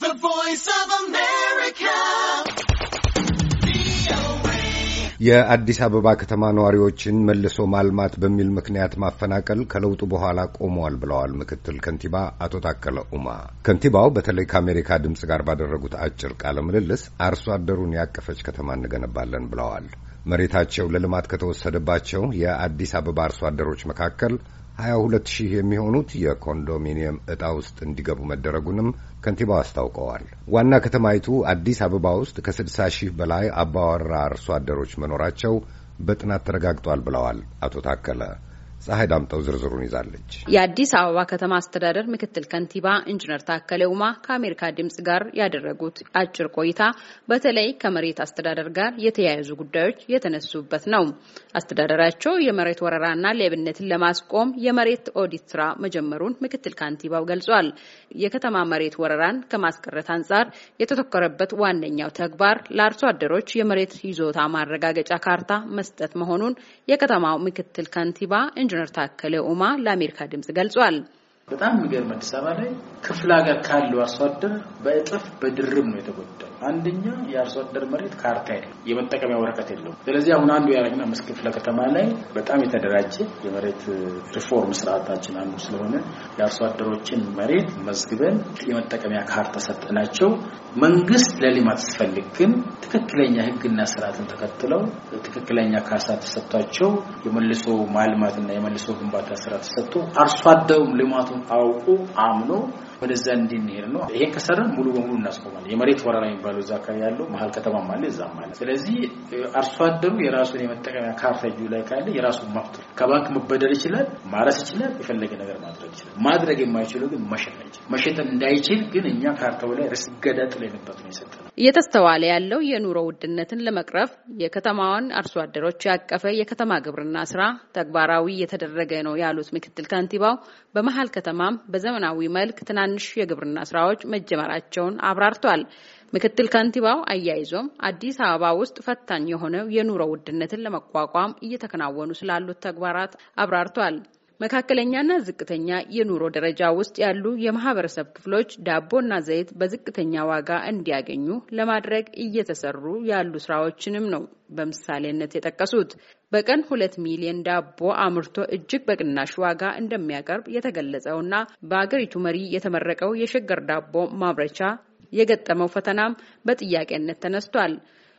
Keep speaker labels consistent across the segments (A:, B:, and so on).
A: The Voice of America.
B: የአዲስ አበባ ከተማ ነዋሪዎችን መልሶ ማልማት በሚል ምክንያት ማፈናቀል ከለውጡ በኋላ ቆመዋል ብለዋል ምክትል ከንቲባ አቶ ታከለ ኡማ። ከንቲባው በተለይ ከአሜሪካ ድምፅ ጋር ባደረጉት አጭር ቃለ ምልልስ አርሶ አደሩን ያቀፈች ከተማ እንገነባለን ብለዋል። መሬታቸው ለልማት ከተወሰደባቸው የአዲስ አበባ አርሶ አደሮች መካከል ሀያ ሁለት ሺህ የሚሆኑት የኮንዶሚኒየም ዕጣ ውስጥ እንዲገቡ መደረጉንም ከንቲባው አስታውቀዋል። ዋና ከተማይቱ አዲስ አበባ ውስጥ ከስድሳ ሺህ በላይ አባወራ አርሶ አደሮች መኖራቸው በጥናት ተረጋግጧል ብለዋል አቶ ታከለ። ፀሐይ ዳምጠው ዝርዝሩን ይዛለች።
A: የአዲስ አበባ ከተማ አስተዳደር ምክትል ከንቲባ ኢንጂነር ታከለ ኡማ ከአሜሪካ ድምጽ ጋር ያደረጉት አጭር ቆይታ በተለይ ከመሬት አስተዳደር ጋር የተያያዙ ጉዳዮች የተነሱበት ነው። አስተዳደራቸው የመሬት ወረራና ሌብነትን ለማስቆም የመሬት ኦዲት ስራ መጀመሩን ምክትል ከንቲባው ገልጿል። የከተማ መሬት ወረራን ከማስቀረት አንጻር የተተኮረበት ዋነኛው ተግባር ለአርሶ አደሮች የመሬት ይዞታ ማረጋገጫ ካርታ መስጠት መሆኑን የከተማው ምክትል ከንቲባ ኢንጂነር ታከለ ኡማ ለአሜሪካ ድምጽ ገልጿል።
B: በጣም የሚገርም አዲስ አበባ ላይ ክፍለ ሀገር ካለው አርሶ አደር በእጥፍ በድርብ ነው የተጎዳው። አንደኛ የአርሶ አደር መሬት ካርታ የለም፣ የመጠቀሚያ ወረቀት የለውም። ስለዚህ አሁን አንዱ ያረግና አምስት ክፍለ ከተማ ላይ በጣም የተደራጀ የመሬት ሪፎርም ስርዓታችን አንዱ ስለሆነ የአርሶ አደሮችን መሬት መዝግበን የመጠቀሚያ ካርታ ሰጠናቸው። መንግስት ለልማት ሲፈልግ ግን ትክክለኛ ህግና ስርዓትን ተከትለው ትክክለኛ ካሳ ተሰጥቷቸው የመልሶ ማልማትና የመልሶ ግንባታ ስራ ተሰጥቶ አርሶ አደሩም አውቁ አምኖ ወደዛ እንድንሄድ ነው። ይሄን ከሰራን ሙሉ በሙሉ እናስቆማለን። የመሬት ወረራ የሚባለው እዛ አካባቢ ያለው መሀል ከተማ አለ እዛም አለ። ስለዚህ አርሶ አደሩ የራሱን የመጠቀሚያ ካርታ ላይ ካለ የራሱን መብት ከባንክ መበደር ይችላል፣ ማረስ ይችላል፣ የፈለገ ነገር ማድረግ ይችላል። ማድረግ የማይችለው ግን መሸጥ አይችል። መሸጥ እንዳይችል ግን እኛ ካርተው ላይ ርስ ገዳ ጥለንበት ነው የሰጠ ነው።
A: እየተስተዋለ ያለው የኑሮ ውድነትን ለመቅረፍ የከተማዋን አርሶ አደሮች ያቀፈ የከተማ ግብርና ስራ ተግባራዊ እየተደረገ ነው ያሉት ምክትል ከንቲባው በመሀል ከተማ ከተማም በዘመናዊ መልክ ትናንሽ የግብርና ስራዎች መጀመራቸውን አብራርቷል። ምክትል ከንቲባው አያይዞም አዲስ አበባ ውስጥ ፈታኝ የሆነው የኑሮ ውድነትን ለመቋቋም እየተከናወኑ ስላሉት ተግባራት አብራርቷል። መካከለኛና ዝቅተኛ የኑሮ ደረጃ ውስጥ ያሉ የማህበረሰብ ክፍሎች ዳቦና ዘይት በዝቅተኛ ዋጋ እንዲያገኙ ለማድረግ እየተሰሩ ያሉ ስራዎችንም ነው በምሳሌነት የጠቀሱት። በቀን ሁለት ሚሊዮን ዳቦ አምርቶ እጅግ በቅናሽ ዋጋ እንደሚያቀርብ የተገለጸውና በአገሪቱ መሪ የተመረቀው የሸገር ዳቦ ማምረቻ የገጠመው ፈተናም በጥያቄነት ተነስቷል።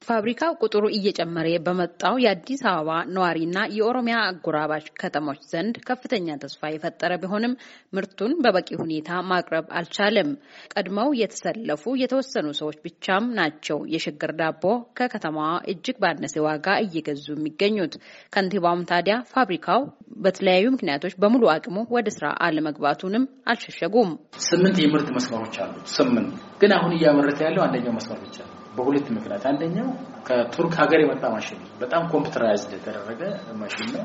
A: ፋብሪካው ቁጥሩ እየጨመረ በመጣው የአዲስ አበባ ነዋሪና የኦሮሚያ አጎራባች ከተሞች ዘንድ ከፍተኛ ተስፋ የፈጠረ ቢሆንም ምርቱን በበቂ ሁኔታ ማቅረብ አልቻለም። ቀድመው የተሰለፉ የተወሰኑ ሰዎች ብቻም ናቸው የሽግር ዳቦ ከከተማዋ እጅግ ባነሰ ዋጋ እየገዙ የሚገኙት። ከንቲባውም ታዲያ ፋብሪካው በተለያዩ ምክንያቶች በሙሉ አቅሙ ወደ ስራ አለመግባቱንም አልሸሸጉም። ስምንት የምርት
B: መስመሮች አሉት። ስምንት
A: ግን አሁን እያመረተ ያለው አንደኛው መስመር ብቻ
B: ነው። በሁለት ምክንያት፣ አንደኛው ከቱርክ ሀገር የመጣ ማሽን በጣም ኮምፒውተራይዝድ የተደረገ ማሽን ነው።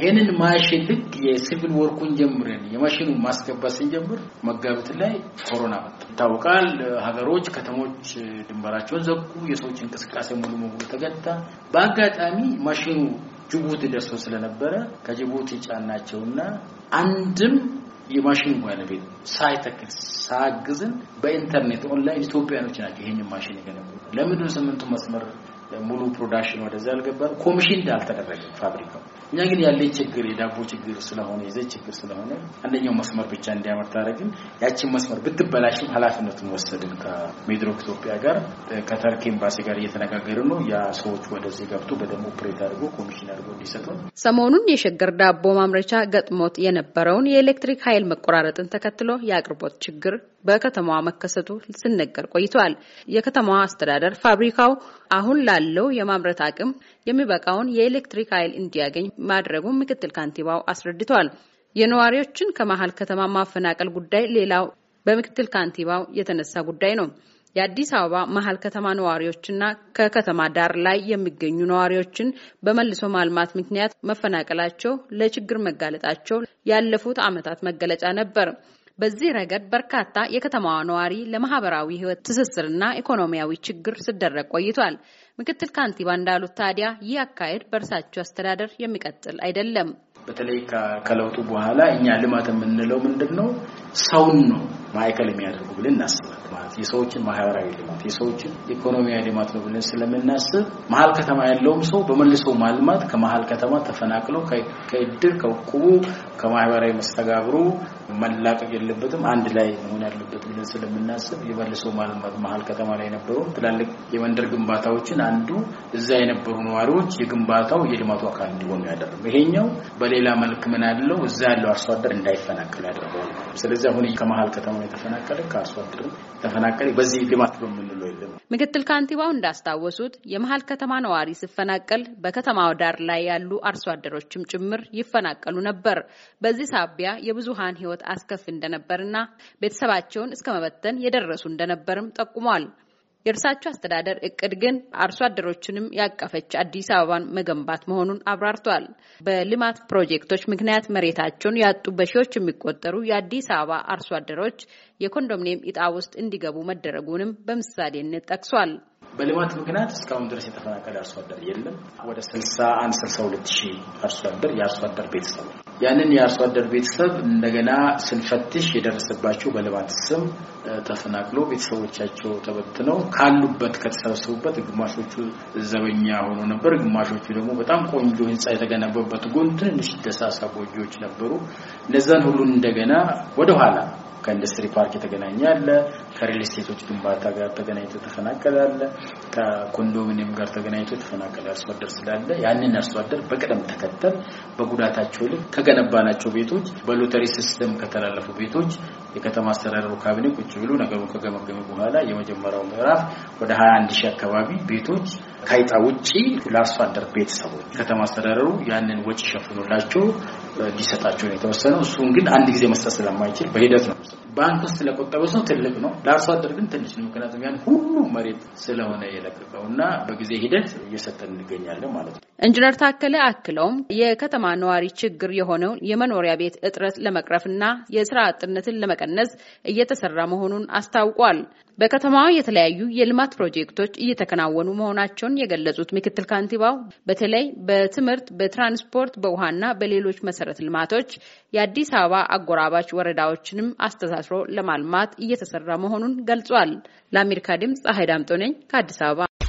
B: ይህንን ማሽን ልክ የሲቪል ወርኩን ጀምረን የማሽኑ ማስገባት ስንጀምር መጋቢት ላይ ኮሮና መጣ። ይታወቃል። ሀገሮች፣ ከተሞች ድንበራቸውን ዘጉ። የሰዎች እንቅስቃሴ ሙሉ በሙሉ ተገታ። በአጋጣሚ ማሽኑ ጅቡቲ ደርሶ ስለነበረ ከጅቡቲ ጫናቸውና አንድም የማሽኑ ባለቤት ሳይተክል ሳግዝን በኢንተርኔት ኦንላይን ኢትዮጵያኖች ናቸው ይሄንን ማሽን የገነቡ። ለምንድን ስምንቱ መስመር ሙሉ ፕሮዳክሽን ወደዛ ያልገባ ኮሚሽን እንዳልተደረገ ፋብሪካው እኛ ግን ያለኝ ችግር የዳቦ ችግር ስለሆነ የዘይት ችግር ስለሆነ አንደኛው መስመር ብቻ እንዲያመርት አደረግን። ያችን መስመር ብትበላሽም ኃላፊነቱን ወሰድን። ከሚድሮክ ኢትዮጵያ ጋር ከተርክ ኤምባሲ ጋር እየተነጋገርን ነው። ያ ሰዎች ወደዚህ ገብቶ በደሞ ኦፕሬት አድርጎ ኮሚሽን አድርጎ እንዲሰጡ።
A: ሰሞኑን የሸገር ዳቦ ማምረቻ ገጥሞት የነበረውን የኤሌክትሪክ ኃይል መቆራረጥን ተከትሎ የአቅርቦት ችግር በከተማዋ መከሰቱ ሲነገር ቆይቷል። የከተማዋ አስተዳደር ፋብሪካው አሁን ላለው የማምረት አቅም የሚበቃውን የኤሌክትሪክ ኃይል እንዲያገኝ ማድረጉን ምክትል ካንቲባው አስረድቷል። የነዋሪዎችን ከመሀል ከተማ ማፈናቀል ጉዳይ ሌላው በምክትል ካንቲባው የተነሳ ጉዳይ ነው። የአዲስ አበባ መሀል ከተማ ነዋሪዎችና ከከተማ ዳር ላይ የሚገኙ ነዋሪዎችን በመልሶ ማልማት ምክንያት መፈናቀላቸው ለችግር መጋለጣቸው ያለፉት ዓመታት መገለጫ ነበር። በዚህ ረገድ በርካታ የከተማዋ ነዋሪ ለማህበራዊ ህይወት ትስስርና ኢኮኖሚያዊ ችግር ሲደረግ ቆይቷል። ምክትል ካንቲባ እንዳሉት ታዲያ ይህ አካሄድ በእርሳቸው አስተዳደር የሚቀጥል አይደለም።
B: በተለይ ከለውጡ በኋላ እኛ ልማት የምንለው ምንድን ነው? ሰውን ነው ማዕከል የሚያደርጉ ብለን እናስባለን። ማለት የሰዎችን ማህበራዊ ልማት የሰዎችን ኢኮኖሚያዊ ልማት ነው ብለን ስለምናስብ መሀል ከተማ ያለውም ሰው በመልሶ ማልማት ከመሀል ከተማ ተፈናቅለው ከእድር ከእቁቡ ከማህበራዊ መስተጋብሩ መላቀቅ የለበትም፣ አንድ ላይ መሆን ያለበት ብለን ስለምናስብ የመልሶ ማልማት መሀል ከተማ ላይ የነበሩ ትላልቅ የመንደር ግንባታዎችን አንዱ እዛ የነበሩ ነዋሪዎች የግንባታው የልማቱ አካል እንዲሆኑ ያደረገው ይሄኛው በሌላ መልክ ምን አለው እዛ ያለው አርሶ አደር እንዳይፈናቀል ያደርገዋል። በዚያ ሁኔ ከመሀል ከተማ የተፈናቀለ ከአርሶ አደሩ ተፈናቀለ በዚህ ልማት በምንለው የለም።
A: ምክትል ካንቲባው እንዳስታወሱት የመሀል ከተማ ነዋሪ ሲፈናቀል በከተማው ዳር ላይ ያሉ አርሶ አደሮችም ጭምር ይፈናቀሉ ነበር። በዚህ ሳቢያ የብዙሀን ህይወት አስከፊ እንደነበርና ቤተሰባቸውን እስከ መበተን የደረሱ እንደነበርም ጠቁሟል። የእርሳቸው አስተዳደር እቅድ ግን አርሶ አደሮችንም ያቀፈች አዲስ አበባን መገንባት መሆኑን አብራርቷል። በልማት ፕሮጀክቶች ምክንያት መሬታቸውን ያጡ በሺዎች የሚቆጠሩ የአዲስ አበባ አርሶ አደሮች የኮንዶሚኒየም ዕጣ ውስጥ እንዲገቡ መደረጉንም በምሳሌነት ጠቅሷል።
B: በልማት ምክንያት እስካሁን ድረስ የተፈናቀለ አርሶ አደር የለም። ወደ 61 62 ሺህ አርሶ አደር የአርሶ አደር ቤተሰብ ያንን የአርሶ አደር ቤተሰብ እንደገና ስንፈትሽ የደረሰባቸው በልማት ስም ተፈናቅሎ ቤተሰቦቻቸው ተበትነው ካሉበት ከተሰበሰቡበት ግማሾቹ ዘበኛ ሆኖ ነበር። ግማሾቹ ደግሞ በጣም ቆንጆ ሕንፃ የተገነበበት ጎን ትንሽ ደሳሳ ጎጆዎች ነበሩ። እነዛን ሁሉን እንደገና ወደኋላ ከኢንዱስትሪ ፓርክ የተገናኘ አለ፣ ከሪል ስቴቶች ግንባታ ጋር ተገናኝቶ የተፈናቀለ አለ፣ ከኮንዶሚኒየም ጋር ተገናኝቶ የተፈናቀለ አርሶ አደር ስላለ ያንን አርሶ አደር በቅደም ተከተል በጉዳታቸው ልክ ከገነባናቸው ቤቶች በሎተሪ ሲስተም ከተላለፉ ቤቶች የከተማ አስተዳደሩ ካቢኔ ቁጭ ብሎ ነገሩን ከገመገመ በኋላ የመጀመሪያው ምዕራፍ ወደ 21 ሺህ አካባቢ ቤቶች ከይጣ ውጪ ለአርሶ አደር ቤተሰቦች ከተማ አስተዳደሩ ያንን ወጪ ሸፍኖላቸው ሊሰጣቸው የተወሰነው እሱን ግን አንድ ጊዜ መስጠት ስለማይችል በሂደት ነው ባንክ ውስጥ ለቆጠበው ሰው ትልቅ ነው፣ ለአርሶ አደር ግን ትንሽ ነው። ምክንያቱም ያን ሁሉ መሬት ስለሆነ የለቀቀው እና በጊዜ ሂደት እየሰጠን እንገኛለን ማለት ነው።
A: ኢንጂነር ታከለ አክለውም የከተማ ነዋሪ ችግር የሆነውን የመኖሪያ ቤት እጥረት ለመቅረፍና የስራ አጥነትን ለመቀነስ እየተሰራ መሆኑን አስታውቋል። በከተማዋ የተለያዩ የልማት ፕሮጀክቶች እየተከናወኑ መሆናቸውን የገለጹት ምክትል ካንቲባው በተለይ በትምህርት፣ በትራንስፖርት፣ በውሃና በሌሎች መሰረተ ልማቶች የአዲስ አበባ አጎራባች ወረዳዎችንም አስተሳስ አሰፍሮ ለማልማት እየተሰራ መሆኑን ገልጿል። ለአሜሪካ ድምፅ ፀሐይ ዳምጦ ነኝ ከአዲስ አበባ